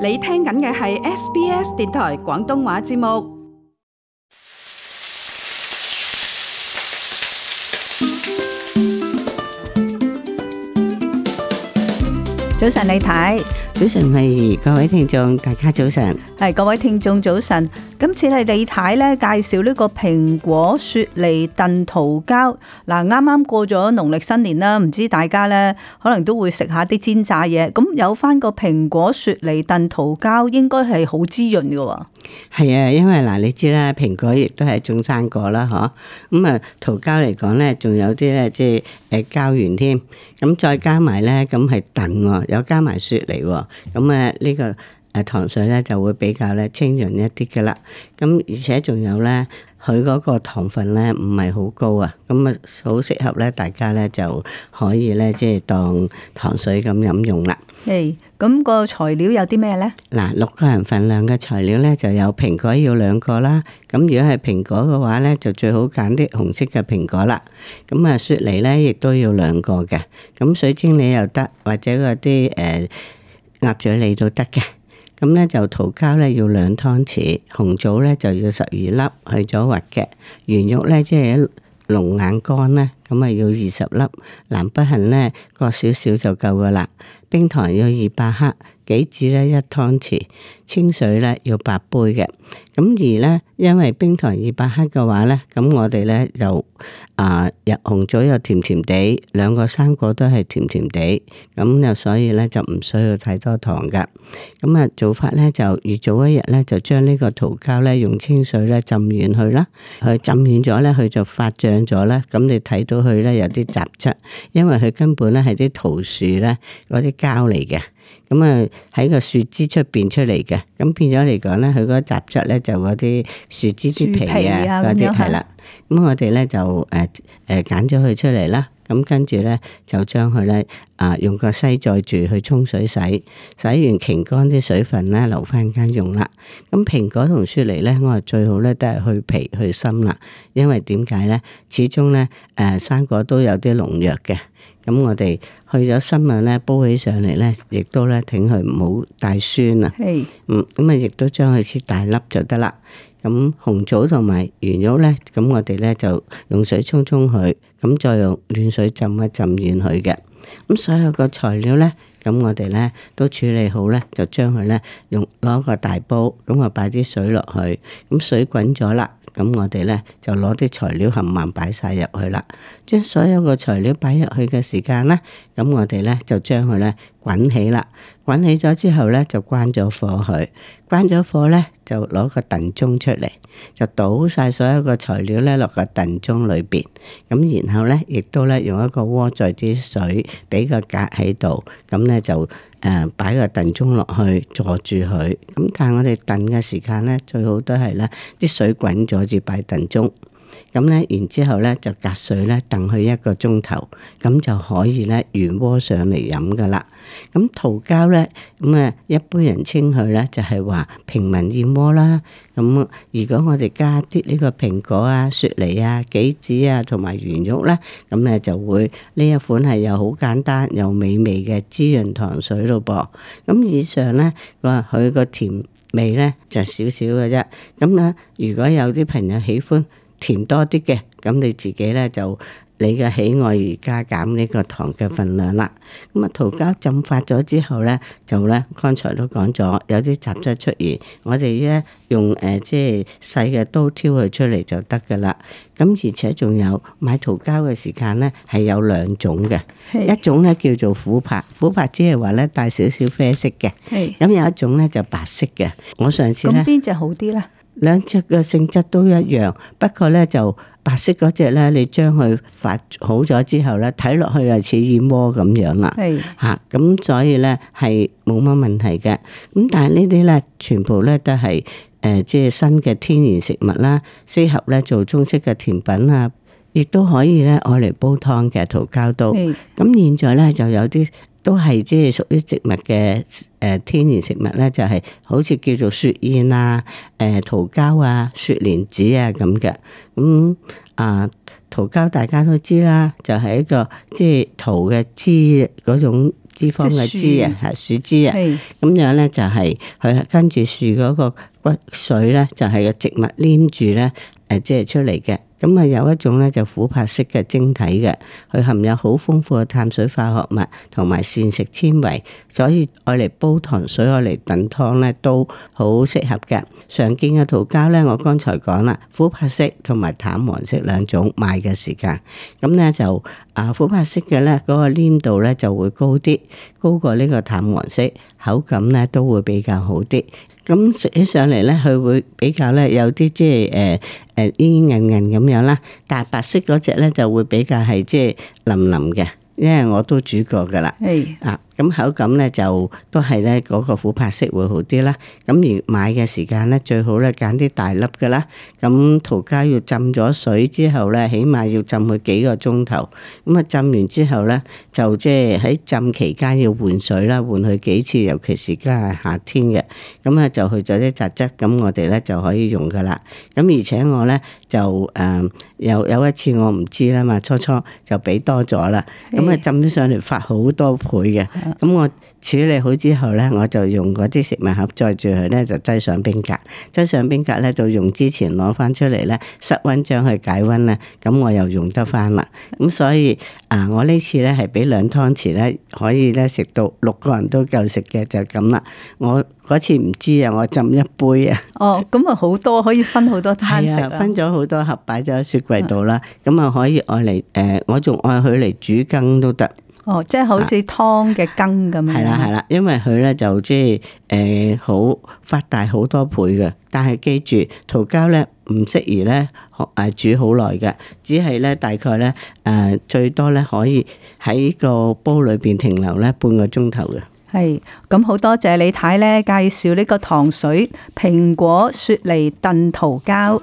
你聽緊嘅係 SBS 電台廣東話節目。早晨，李太早。早晨，係各位聽眾，大家早晨。係各位聽眾早晨。今次係李太咧介紹呢個蘋果雪梨燉桃膠。嗱，啱啱過咗農曆新年啦，唔知大家咧可能都會食下啲煎炸嘢。咁有翻個蘋果雪梨燉桃膠，應該係好滋潤噶。係啊，因為嗱，你知啦，蘋果亦都係一種生果啦，嗬。咁啊，桃膠嚟講咧，仲有啲咧，即係誒膠原添。咁再加埋咧，咁係燉。有加埋雪梨喎，咁啊呢個誒糖水咧就會比較咧清潤一啲㗎喇，咁而且仲有咧。佢嗰個糖分咧唔係好高啊，咁啊好適合咧，大家咧就可以咧即係當糖水咁飲用啦。誒，咁個材料有啲咩咧？嗱，六個人份量嘅材料咧就有蘋果要兩個啦。咁如果係蘋果嘅話咧，就最好揀啲紅色嘅蘋果啦。咁啊，雪梨咧亦都要兩個嘅。咁水晶梨又得，或者嗰啲誒鴨嘴梨都得嘅。咁咧就桃膠咧要兩湯匙，紅棗咧就要十二粒去咗核嘅，圓肉咧即係龍眼乾咧。咁啊，要二十粒南北杏咧，割少少就夠噶啦。冰糖要二百克，杞子咧一湯匙，清水咧要八杯嘅。咁而咧，因為冰糖二百克嘅話咧，咁我哋咧就啊，入紅棗又甜甜地，兩個生果都係甜甜地，咁就所以咧就唔需要太多糖噶。咁啊，做法咧就預早一日咧，就將呢個桃膠咧用清水咧浸軟佢啦。佢浸軟咗咧，佢就發脹咗啦。咁你睇到。去咧有啲雜質，因為佢根本咧係啲桃樹咧嗰啲膠嚟嘅，咁啊喺個樹枝出邊出嚟嘅，咁變咗嚟講咧，佢嗰個雜質咧就嗰啲樹枝啲皮啊嗰啲係啦，咁些的我哋咧就誒誒揀咗佢出嚟啦。咁跟住咧，就將佢咧啊，用個篩載住去沖水洗，洗完乾乾啲水分咧，留翻間用啦。咁蘋果同雪梨咧，我哋最好咧都係去皮去心啦，因為點解咧？始終咧誒，生、啊、果都有啲農藥嘅。咁我哋去咗心啊咧，煲起上嚟咧，亦都咧挺佢唔好太酸啊。Hey. 嗯，咁啊，亦都將佢切大粒就得啦。咁紅棗同埋圓肉咧，咁我哋咧就用水沖沖佢。咁再用暖水浸一浸軟佢嘅，咁所有個材料咧，咁我哋咧都處理好咧，就將佢咧用攞個大煲，咁啊擺啲水落去，咁水滾咗啦，咁我哋咧就攞啲材料冚唪唥擺晒入去啦，將所有個材料擺入去嘅時間咧，咁我哋咧就將佢咧。滾起啦，滾起咗之後咧，就關咗火去，關咗火咧就攞個燉盅出嚟，就倒晒所有個材料咧落個燉盅裏邊，咁然後咧亦都咧用一個鍋載啲水，俾個格喺度，咁咧就誒擺、呃、個燉盅落去坐住佢，咁但係我哋燉嘅時間咧最好都係咧啲水滾咗至擺燉盅。咁咧，然之後咧就隔水咧燉佢一個鐘頭，咁就可以咧原鍋上嚟飲噶啦。咁桃膠咧，咁啊一般人稱佢咧就係話平民燕窩啦。咁如果我哋加啲呢個蘋果啊、雪梨啊、杞子啊同埋圓肉咧，咁咧就會呢一款係又好簡單又美味嘅滋潤糖水咯噃。咁以上咧，佢個甜味咧就少少嘅啫。咁咧，如果有啲朋友喜歡，填多啲嘅，咁你自己咧就你嘅喜愛而加減呢個糖嘅份量啦。咁啊，桃膠浸發咗之後咧，就咧剛才都講咗有啲雜質出現，我哋咧用誒即係細嘅刀挑佢出嚟就得噶啦。咁而且仲有買桃膠嘅時間咧係有兩種嘅，一種咧叫做琥珀，琥珀只係話咧帶少少啡色嘅，咁有一種咧就白色嘅。我上次咧邊隻好啲啦？兩隻嘅性質都一樣，不過咧就白色嗰隻咧，你將佢發好咗之後咧，睇落去就似燕窩咁樣啦。係咁是、啊、所以咧係冇乜問題嘅。咁但係呢啲咧，全部咧都係誒，即、呃、係新嘅天然食物啦，適合咧做中式嘅甜品啊，亦都可以咧攞嚟煲湯嘅，桃膠都。咁是、啊、現在咧就有啲。都係即係屬於植物嘅誒天然食物咧，就係、是、好似叫做雪燕啊、誒桃膠啊、雪蓮子啊咁嘅。咁、嗯、啊，桃膠大家都知啦，就係、是、一個即係、就是就是、桃嘅脂嗰種脂肪嘅脂啊，樹脂啊。咁樣咧就係、是、佢是跟住樹嗰個骨髓咧，就係、是、個植物黏住咧。即係出嚟嘅，咁啊有一種咧就琥珀色嘅晶體嘅，佢含有好豐富嘅碳水化合物同埋膳食纖維，所以愛嚟煲糖水，愛嚟燉湯咧都好適合嘅。常見嘅桃膠咧，我剛才講啦，琥珀色同埋淡黃色兩種賣嘅時間，咁咧就啊琥珀色嘅咧嗰個粘度咧就會高啲，高過呢個淡黃色，口感咧都會比較好啲。咁食起上嚟咧，佢會比較咧有啲即係誒誒煙煙韌韌咁樣啦，但白色嗰隻咧就會比較係即係腍腍嘅，因為我都煮過㗎喇，hey. 咁口感咧就都係咧嗰個琥珀色會好啲啦。咁而買嘅時間咧最好咧揀啲大粒嘅啦。咁桃膠要浸咗水之後咧，起碼要浸佢幾個鐘頭。咁啊浸完之後咧，就即係喺浸期間要換水啦，換佢幾次，尤其是而家係夏天嘅。咁啊就去咗啲雜質，咁我哋咧就可以用㗎喇。咁而且我咧就誒、呃、有有一次我唔知啦嘛，初初就俾多咗啦。咁啊浸咗上嚟發好多倍嘅。咁我處理好之後呢，我就用嗰啲食物盒載住佢呢，就擠上冰格。擠上冰格呢，就用之前攞翻出嚟呢，室溫將佢解溫呢，咁我又用得翻啦。咁所以啊，我呢次呢，係俾兩湯匙呢，可以呢食到六個人都夠食嘅，就咁啦。我嗰次唔知啊，我浸一杯啊。哦，咁啊好多可以分好多餐食、 啊、分咗好多盒擺咗喺雪櫃度啦。咁啊的可以愛嚟誒，我仲愛佢嚟煮羹都得。哦，即係好似湯嘅羹咁樣。係啦，係啦，因為佢咧就即係誒好發大好多倍嘅。但係記住，桃膠咧唔適宜咧誒煮好耐嘅，只係咧大概咧誒最多咧可以喺個煲裏邊停留咧半個鐘頭嘅。係，咁好多謝李太咧介紹呢個糖水蘋果雪梨燉桃膠。